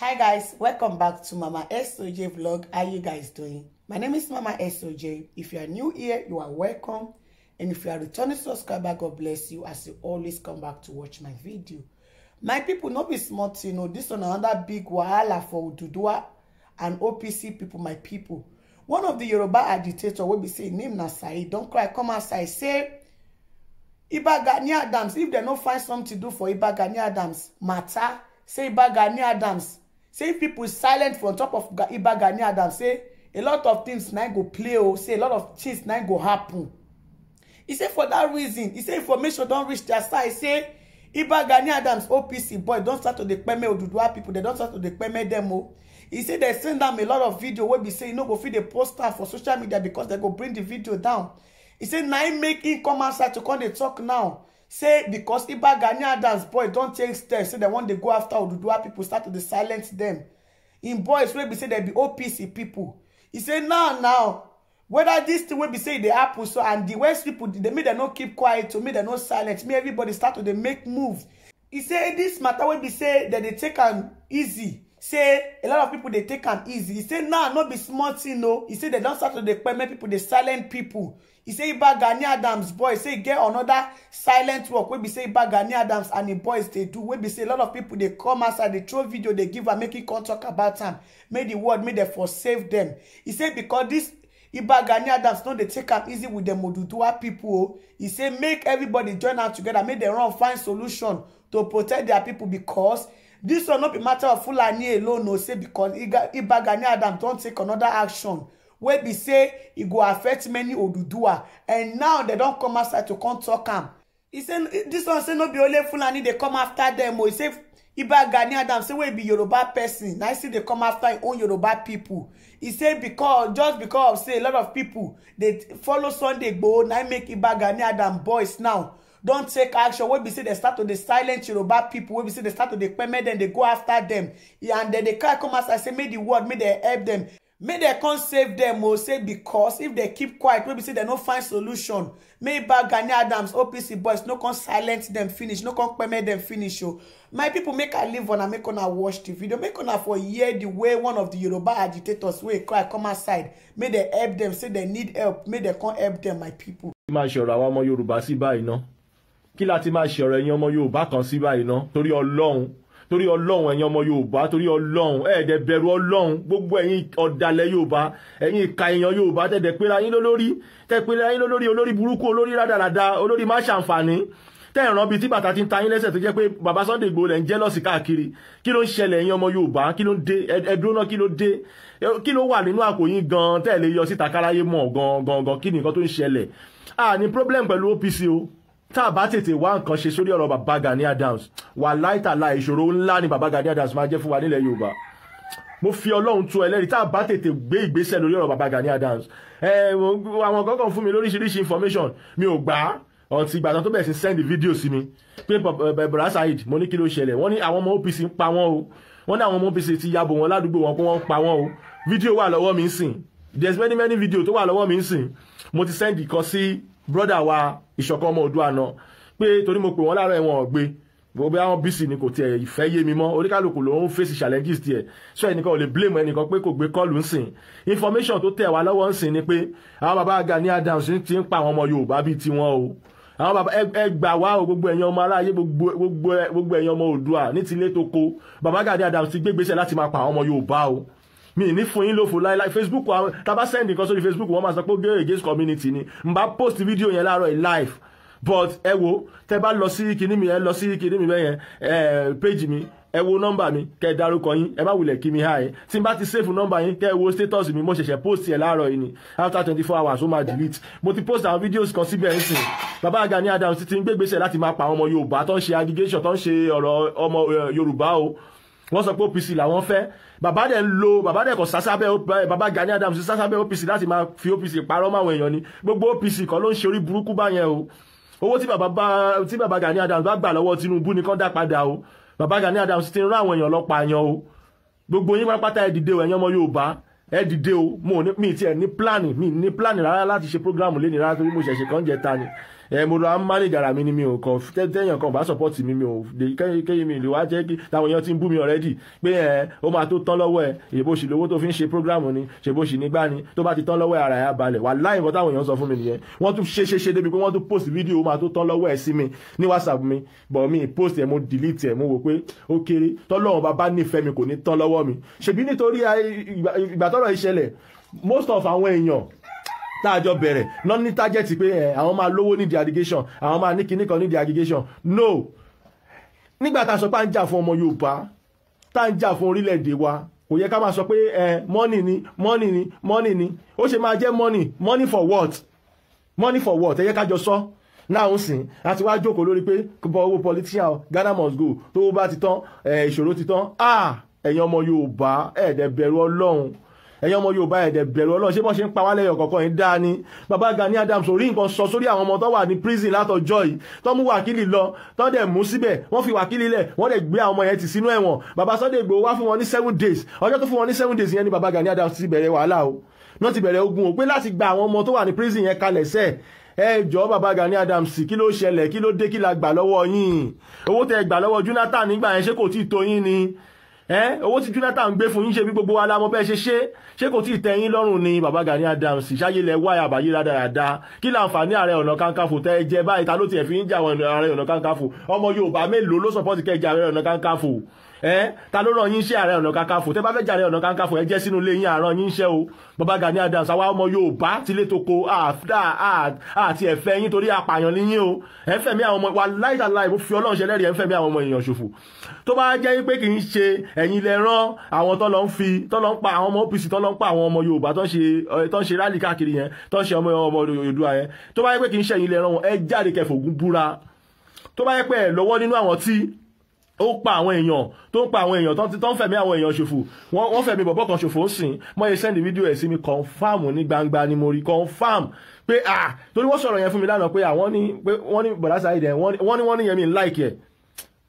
hi guys welcome back to mama soj vlog how you guys doing my name is mama soj if you are new here you are welcome and if you are returning subscriber god bless you as you always come back to watch my video my people not be smart. you know this one another big wahala for Odùduwà and opc people my people one of the yoruba agitator will be saying, name Nasai, don't cry come outside say Iba Gani Adams if they no find something to do for Iba Gani Adams matter say Iba Gani Adams say pipo silent for on top of iba gani adam say a lot of things na go play o oh. say a lot of things na go happen e say for dat reason e say information don reach dia side say iba gani adams opc boy don start to dey peme oduduwa pipo dem don start to dey peme dem o oh. e say dem send am a lot of video wey be say e no go fit dey post am for social media because dem go bring di video down e say na im make im come outside to come dey tok now say because iba gani adams boys don't take steps say dem wan dey go afta oduduwa people start to silence them. In boys wey be say they be opc people. He say now now whether this thing wey be say e dey happen so and the west people they make they not keep quiet to make they not silence. make everybody start to they make move He say this matter wey be say that they take an easy say a lot of people they take am easy He say now not be smart tin o oh. He say they don't start to the peme pipo dey silent people. He say ba Gani Adams boy. say get another silent work wey be say ba Gani Adams and im boys they do wey be say a lot of people they come outside they throw video they give and make it come talk about them. make the word, make dem for save them. He say because this Iba Gani Adams no dey take am easy with the Oduduwa people He say make everybody join am together make dem run find solution to protect their people because this will not be matter of Fulani alone no say because Iba Gani Adams don't take another action wey be say e go affect many Odudua, and now dem don come outside to come talk am e say dis one say no be only fulani dey come after dem o e say iba gani adam say wey be yoruba person na still dey come after im own yoruba pipo e say because just because of say a lot of pipo dey follow sunday gboo na make iba gani adam boys now don take action wey be say dem start to dey silent yoruba pipo wey be say dem start to dey peme dem dey go after dem and dem dey cry come outside say make di world make dem help dem May they come save them. o oh, say because if they keep quiet wey say they no find solution make Gani adams opc boys no come silence them. finish no come permit them finish Oh, my people make i on. una make on una watch di video make on una for hear the way one of the yoruba agitators way. cry come aside May they help them. say they need help May they come help them. my pipo. kí máa ṣe ọ̀rọ̀ àwọn ọmọ yorùbá sí báyìí ná kí láti máa ṣe ọ̀rọ̀ ẹ̀yin ọmọ yorùbá kan sí báyìí ná torí ọlọ́run torí ọlọ́run ẹ̀yin ọmọ yorùbá torí ọlọ́run ẹ̀ẹ́dẹ̀ bẹ̀rù ọlọ́run gbogbo ẹ̀yin ọ̀dàlẹ̀ yorùbá ẹ̀yin ìka èèyàn yorùbá tẹ̀dẹ̀ pé ayín lólórí tẹ̀ pé ayín lólórí olórí burúkú olórí rádaràda olórí má ṣàǹfààní tẹ́ ẹ̀ràn bíi tí bàtà ti ń ta yín lẹ́sẹ̀ tó jẹ́ pé bàbá Sunday Igboho lẹ̀ ń jẹ́lọ́sì káàkiri kí ló ń ṣẹlẹ̀ ẹ̀yin ọmọ yorùbá kí ló ń dé ẹ̀dúró náà kí ló dé kí ló wà nínú àpò gan tẹ́ ẹ̀ lè yọ síta káráyé mọ̀ gan gan gan kí ni nǹkan tó ń ṣẹlẹ̀ à ní problem pẹ̀lú OPC o tá a bá tètè wá nǹkan ṣe sórí ọ̀rọ̀ bàbá Gani Adams wà láìtàlà ìṣòro ńlá ni bàbá Gani Adams máa jẹ́ fún wa nílẹ̀ Yorùbá mo fi Ọlọ́run tu ẹlẹ́rìí tá a bá tètè gbé ìgbésẹ̀ lórí ọ̀rọ̀ bàbá Gani Adams àwọn kankan fún mi lóríṣiríṣi information mi ò gbà á ọtí ìgbà tó bẹ̀rẹ̀ sí send video sí mi pé bàbá eh, Saheed mo ní kí ló ṣẹlẹ̀ wọ́n ní àwọn ọmọ OPC ń pa wọ́n o wọ́n ní àwọn ọmọ OPC ti yàbò wọn ládùúgbò wọn pé wọ́n ń pa wọ́n o video wà lọ́wọ́ mi ń sìn there's many many video tó wà lọ́wọ́ mi ń sìn mo ti send ìkan sí brọ́dà wa ìṣọ̀kan ọmọ Oòduà náà pé torí mo pè wọ́n láàárọ̀ ẹ̀wọ̀n ọ̀gbẹ́ gbogbo àwọn bc ni kò tiẹ̀ ìfẹ́ yé mi mọ́ oníkálukú ló ń fèsì challenges tiẹ̀ so ẹnìkan ò lè blame ẹnìkan pé kò gbé kọ́ọ̀lù ń sìn information tó tẹ̀ wá lọ́wọ́ ń sìn ni pé àwọn bàbá Gani Adams ti ń pa àwọn ọmọ Yorùbá bíi tiwọn o àwọn bàbá ẹ gbà wá o gbogbo ẹ̀yin ọmọ aráyé gbogbo ẹ̀yin ọmọ Oòduà ní tilé tó ko bàbá Gani Adams ti gbé gbèsè láti máa pa àwọn ọmọ Yorùbá o mi ní fún yín lófo láíláí facebook tàbá send nǹkan sórí facebook wọ́n máa sọ pé ó gé against community ni n bá post video yẹn láàárọ̀ yìí live but ẹ wo tẹ bá lọ sí kinní mi ẹ lọ sí kinní mi bẹ́yẹn ẹ page mi ẹ wo nọ́mbà mi kẹ dárúkọ yín ẹ bá wulẹ̀ kí mi háì tí n bá ti save nọ́mbà yín kẹ wo status mi mo ṣẹ̀ṣẹ̀ post yẹn láàárọ̀ yìí ni after twenty four hours ó máa delete mo ti post àwọn videos kan síbẹ̀ ń sìn bàbá Gani Adams ti ń gbégbèsè láti máa pa àwọn ọmọ Yorùbá tó ń ṣe aggregation tó ń ṣe ọ̀rọ̀ ọmọ Yorùbá o wọ́n sọ pé OPC làwọn fẹ́ bàbá dẹ̀ ń lo bàbá dẹ̀ kọ̀ sásábẹ́ bàbá Gani Adams sásábẹ́ OPC láti máa fi OPC parọ́ máwọn èèyàn ni gbogbo OPC kan ló ń ṣe orí burúkú báyẹn o owó tí bàbá tí bàbá Gani Adams bá gbà lọ́wọ́ Tinubu ni kán dá padà o bàbá Gani Adams ti ń rán àwọn èèyàn lọ pààyàn o gbogbo yín pátá ẹ dìde o ẹ̀yin ọmọ Yorùbá ẹ dìde o mo ní mi tiẹ̀ ní pílánì mi ní pílánì rárá láti ṣe prógráàmù lé ní rárá torí mo ṣẹ̀ṣẹ̀ kàn jẹ ta ni ẹ mo lọ manage ara mi ni mi ò kàn tẹ́yàn kan bá support mi mi ò kéyìn mi lè wá jẹ́ kí táwọn èèyàn ti ń bú mi already pé ẹ ó máa tó tán lọ́wọ́ ẹ èbó sì lówó tó fi ń ṣe program ni ṣèbó sì nígbà ni tó bá ti tán lọ́wọ́ ẹ ara ẹ̀ á balẹ̀ wà láì nǹkan táwọn èèyàn sọ fún mi nìyẹn wọ́n tún ṣe ṣe ṣe débi pé wọ́n tún post video ó máa tó tán lọ́wọ́ ẹ sí mi ní whatsapp mi but mi post ẹ mo delete ẹ mo wò pé ó kéré tọ́lọ́wọ́n bàbá nífẹ̀ẹ́ mi kò ní tán lọ́wọ́ mi ṣèbí nítorí ìgbà tọ́lọ́ ìṣẹ̀lẹ̀ most of tá a jọ bẹ̀rẹ̀ lọ́n ní tájẹ́tì pé eh, àwọn máa lówó nídìí aggregation àwọn máa ní kinní kan nídìí aggregation no nígbà tá a sọ pé à ń jà fún ọmọ Yorùbá tá à ń jà fún orílẹ̀-èdè wa kò yẹ ká máa sọ pé eh, money ni money ni money ni ó ṣe máa jẹ́ money money for what money for what ẹ yẹ ká jọ sọ náà ń sìn àti wá jókòó lórí pé owó politician Ghana must go tó bá ti tán eh, ìṣòro ti tán ah, ẹ̀yin ọmọ Yorùbá ẹ̀ẹ́dẹ̀ bẹ̀rù Ọlọ́run ẹ̀yin ọmọ Yorùbá ẹ̀dẹ̀ bẹ̀rù Ọlọ́run ṣé bọ́n ṣe ń pa wálẹ̀ ọ̀kọ̀ọ̀kan yìí dáa ni bàbá Gani Adams orí nǹkan sọ sórí àwọn ọmọ tó wà ní prison látọjọ́ yìí tó mú wákìlì lọ tó dẹ̀ mú síbẹ̀ wọ́n fi wákìlì lẹ̀ wọ́n dẹ̀ gbé àwọn ọmọ yẹn ti sínú ẹ̀wọ̀n bàbá Sunday Igboho wá fún wọn ní seven days ọjọ́ tó fún wọn ní seven days yẹn ni bàbá Gani Adams ti bẹ̀rẹ̀ wàhálà o náà ti bẹ̀rẹ̀ ogun o pé láti gba àwọn ọmọ tó wà ní prison yẹn kalẹ̀ sẹ́ẹ̀ ẹjọ́ bàbá Gani Adams kí ló ṣẹlẹ̀ kí ló dé kí la gbà lọ́wọ́ yín owó tẹ́ gbà lọ́wọ́ Jonathan nígbà yẹn ṣé kò tí ì tó yín ni eh owó tí Jonathan gbé fún yín ṣe bí gbogbo wa la mọ̀ bẹ́ẹ̀ ṣe ṣe ṣé kò tí ì tẹ́ yín lọ́rùn ni bàbá Gani Adams ṣáyélẹ̀ wáyà àbáyé rádaràda kí láǹfààní ààrẹ ọ̀nà kankafò tẹ́ ẹ jẹ báyìí ta ló tiẹ̀ fi ń jà ààrẹ ọ̀nà kankafò ọmọ Yorùbá mélòó ló sọpọ́ọ̀tì kẹ́ jà ààrẹ ọ̀nà kankafò ẹ ta ló ràn yín ṣe ààrẹ ọ̀nà kakanfò tẹ bá fẹ́ jàre ọ̀nà kakanfò ẹ jẹ́ sínú ilé yín àràn yín ṣe o bàbá Gani Adams àwa ọmọ Yorùbá tilé toko àti ẹ̀fẹ́ yín torí apààyàn ní yín o ẹ ń fẹ̀mí àwọn ọmọ wa láìláì mo fi Ọlọ́run ṣe lẹ́rìí ẹ ń fẹ̀mí àwọn ọmọ èèyàn ṣòfò tó bá jẹ́ pé kì í ṣe ẹ̀yin lẹ rán àwọn tó ń fi tó lọ ń pa àwọn ọmọ OPC tó lọ ń pa àwọn ọmọ Yorùbá tó ń ṣe rálì káàkiri yẹn tó ń ṣe ọmọ ọmọ Yorùbá yẹn tó bá jẹ́ pé kì í ṣe ẹ̀yin lẹ rán wọn ẹ jáde kẹfògún búra tó bá jẹ́ pé ẹ lọ́wọ́ nínú àwọn tí ó pa àwọn èèyàn tó ń pa àwọn èèyàn tó ń fẹ̀mí àwọn èèyàn ṣòfò wọ́n fẹ̀mí bọ̀bọ̀ kan ṣòfò ó sìn mọ́ ẹ sẹ́ndì fídíò ẹ̀ sí mi confam ní gbangba ni mo rí confam pé ah torí wọ́n sọ̀rọ̀ yẹn fún mi lánàá pé àwọn ah, ní pé wọ́n ní bọ̀dá sáyidẹ̀ wọ́n ní wọ́n ní yẹn mi ń láìkì ẹ̀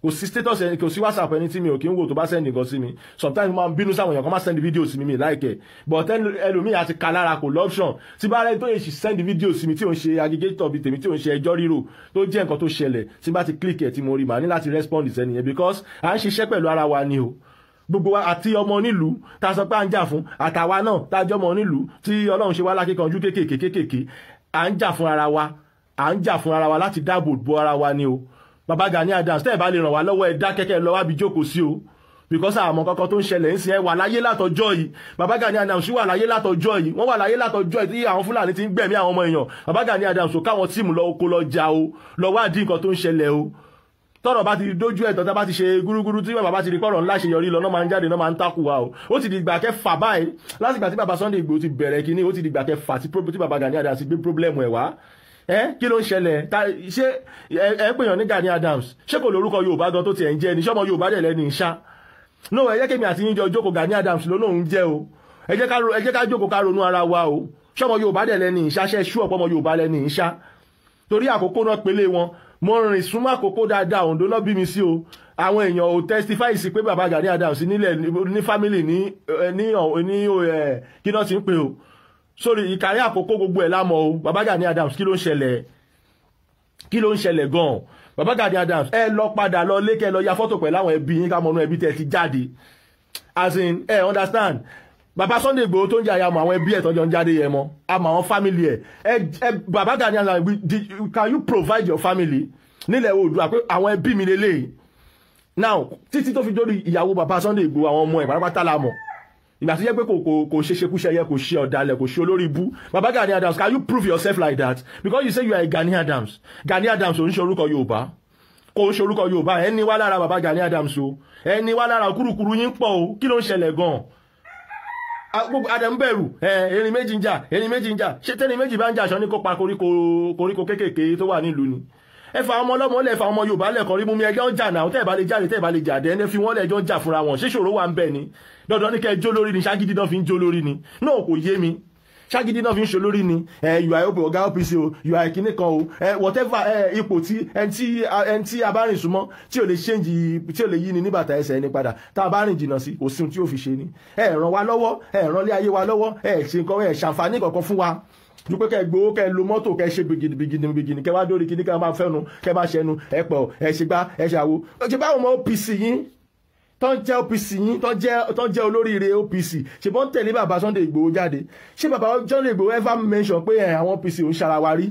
kò sí status ẹni kò sí whatsapp ẹni tí mi ò kí ń wò tó bá sẹ́ndì nǹkan sí mi sometimes máa ń bínú sáwọn èèyàn kan máa sẹ́ndì fídíò sí mi mi láìkẹ́ but ẹlòmíì àti kalára kò lọ́pṣọ̀n tí bá rẹ tó yẹ sí sẹ́ndì fídíò sí mi tí ò ń ṣe aggregator bíi tèmi tí ò ń ṣe ẹjọ́ ríro tó jẹ́ nǹkan tó ṣẹlẹ̀ tí bá ti click ẹ̀ tí mo rí màá ní láti respond sẹ́ni yẹn because à ń ṣiṣẹ́ pẹ̀lú ara wa ni o gbogbo wa àti ọmọ onílùú tá a sọ pé à ń jà fún àtàwa náà tá a jọmọ onílùú tí Ọlọ́run ṣe wá lákíkanjú kéékèèké à ń jà fún ara wa láti dáàbò bo ara wa ni o baba Gani Adams tẹ́ ẹ̀ bá lè ràn wá lọ́wọ́ ẹ dákẹ́kẹ́ lọ wábi jókòó sí o because àmọ́ kankan tó ń ṣẹlẹ̀ ń sin ẹ wà láyé látọjọ́ yìí baba Gani Adams wà láyé látọjọ́ yìí wọ́n wà láyé látọjọ́ yìí tí àwọn Fúlàní ti ń gbẹ̀mí àwọn ọmọ èèyàn baba Gani Adams ò káwọn tíìmù lọ oko lọ ja o lọ wádìí nǹkan tó ń ṣẹlẹ̀ o tọ́rọ̀ bá ti dójú ẹ̀ tọ́ta bá ti ṣe gúrúgúrú tí bàbá ti rí pọ̀rọ̀ ńlá ṣèyọrí lọ náà máa ń jáde náà máa ń takù wa o ó ti di ìgbà kẹfà báyìí lásìgbà tí bàbá Sunday Igboho ti bẹ̀rẹ̀ kínní ó ti di ìgbà kẹfà tí bàbá Gani Adams gbé pírọ́blẹ́mù ẹ̀ wá ẹ kí ló ń ṣẹlẹ̀ ta ṣé ẹ pèèyàn ní Gani Adams ṣé kò lórúkọ Yorùbá gan tó tiẹ̀ ń jẹ́ ni ṣọmọ Yorùbá dẹ̀ lẹ́ni ṣá no ẹ jẹ́ kémi àti yín jọ jókòó Gani Adams ló lóun jẹ́ o ẹ jẹ́ ká jókòó ká ronú ara wa o ṣọmọ Yorùbá dẹ̀ lẹ́ni ṣá ṣe ṣú ọ̀pọ̀ ọmọ Yorùbá lẹ́ni ṣá torí àkókò náà pélé wọn mo rìn súnmọ́ àkókò dáadáa Oǹdó náà bí mi sí o àwọn èèyàn ò testify sí pé bàbá Gani Adams nílẹ̀ ní family ní ní ní kí náà ti ń pè o sórí ìkàrí àkókò gbogbo ẹ̀ lámọ̀ o Baba Gani Adams kí ló ń ṣẹlẹ̀ kí ló ń ṣẹlẹ̀ gan-an Baba Gani Adams ẹ lọ padà lọ lé kẹ lọ ya fọ́tò pẹ̀lú àwọn ẹbí yín ká mọ̀nú ẹbí tẹ́ ti jáde as in ẹ understand bàbá Sunday Igboho tó ń jẹ àyàmọ àwọn ẹbí ẹ tọjọ ń jáde yẹn mọ àmọ́ àwọn family ẹ ẹ Baba Gani Adams can you provide your family nílẹ̀ Oòduà pé àwọn ẹbí mi lélẹ́yìí now títí tó fi dórí ìyàwó bàbá Sunday Igboho àwọn ọmọ ẹ̀ pátápátá la mọ̀ ìgbà tó jẹ́ pé kò kò ṣe ṣekúṣe yẹ kò ṣe ọ̀dàlẹ̀ kò ṣe olórí ibú baba Gani Adams can you prove yourself like that because you say you are a Gani Adams Gani Adams ò ń ṣe orúkọ Yorùbá kò ń ṣe orúkọ Yorùbá ẹni wá lára baba Gani Adams o ẹni wá lára kúrukúru yín pọ̀ o kí ló ń ṣẹlẹ̀ gan-an adam bẹ̀rù erin méjì ń jà erin méjì ń jà ṣé tẹ́ni méjì bá ń jà aṣọ ní kó koríko koríko kéékèèké tó wà nílùú ni ẹ fa ọmọ ọlọ́mọ lẹ̀ fa ọmọ Yorùbá lẹ̀kọ́ rí mú mi ẹjọ́ ń jà náà tẹ́ẹ̀ bá lè jáde tẹ́ẹ̀ bá lè jàdẹ́ ẹni fi wọ́n lẹ́jọ́ ń jà fúnra wọn ṣíṣòro wà ń bẹ̀ ni dandan ní kẹ́ ẹ jó lórí ni ṣágídí náà fi ń jó lórí ni náà kò yé mi ṣágídí náà fi ń ṣe lórí ni ẹ yùà ọbẹ ọgá OPC o yùà ìkíní kan o ẹ whatever ẹ ipò tí ẹn tí a bá rìn súnmọ́ tí ò lè ṣéǹjì tí ò lè yí ni ní bàtà ẹsẹ̀ ẹni padà tá a bá rìn jìnnà sí kò sí ohun tí yóò fi ṣe ni ẹ ràn wá lọ́wọ́ ẹ ràn lé ayé wa lọ́wọ́ ẹ ṣe nǹkan ẹ ṣàǹfààní kankan fún wa ju pé kẹ gbowó kẹ lo mọ́tò kẹ ṣe bìgìdì bìgìdì bìgìdì kẹ wá dórí kíní kẹ máa fẹ́nu kẹ máa ṣẹnu ẹ pọ̀ ẹ ṣe gbá ẹ ṣàwo. ṣe báwọn ọmọ OPC yín tán jẹ́ OPC yín tán jẹ́ tán jẹ́ olóríire OPC ṣe bọ́n tẹ̀lé bàbá Sunday Igboho jáde ṣé bàbá Sunday Igboho ever mention pé àwọn OPC ò ń ṣara wa rí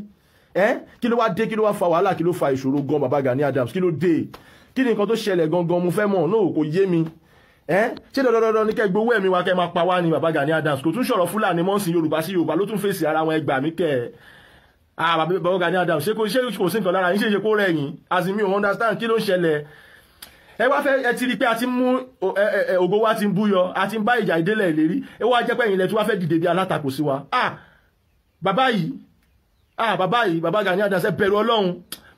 ẹ kí ló wá dé kí ló wá fa wàhálà kí ló fa ìṣòro gan bàbá Gani Adams kí ló dé kí ni nǹkan tó ṣẹlẹ̀ gangan mo fẹ́ mọ̀ náà kò yé mi Eh? ṣé dandandandan ní kẹ́ gbowó ẹ̀mí wa kẹ́ máa pa wá ní bàbá Gani Adams kò tún sọ̀rọ̀ Fúlàní mọ́sìn Yorùbá sí Yorùbá ló tún fèsì ara wọn ẹgbàá mi kẹ́ ah bàbá Gani Adams ṣé kò ṣe kò sí nǹkan lára yín ṣe ṣe kó rẹ̀ yín azimi ò understand kí ló ń ṣẹlẹ̀ ẹ wá fẹ́ ẹ ti rí pé a ti mú ògo wa ti ń búyọ a ti ń bá ìjà ìdélẹ̀ ìlérí ẹ wá jẹ́ pé ẹ̀yin lẹ tún wá fẹ́ dìde bí alátakò sí wa ah bàbá yìí ah bàbá yìí bàbá Gani Adams ẹ bẹ̀rù Ọlọ́run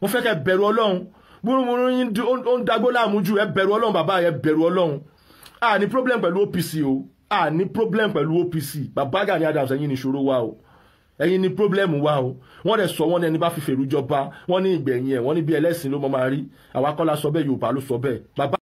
mo fẹ́ kẹ́ bẹ̀rù Ọlọ́run múrùmúrù yín ó ń dagbó láàmú ju ẹ bẹ̀rù Ọlọ́run bàbá yẹn bẹ̀rù Ọlọ́run a ní problem pẹ̀lú OPC o a ní problem pẹ̀lú OPC bàbá Gani Adams ẹ̀yin ní ìṣòro wa o ẹ̀yin ni problem wa o wọ́n rẹ̀ sọ wọ́n ní ẹni bá fi fèrú jọba wọ́n ní ìgbẹ̀yìn ẹ̀ wọ́n ní bí ẹlẹ́sìn ló mọ́ máa rí àwa kọ́ sọ bẹ́ẹ̀ Yorùbá ló sọ bẹ́ẹ̀ bàbá.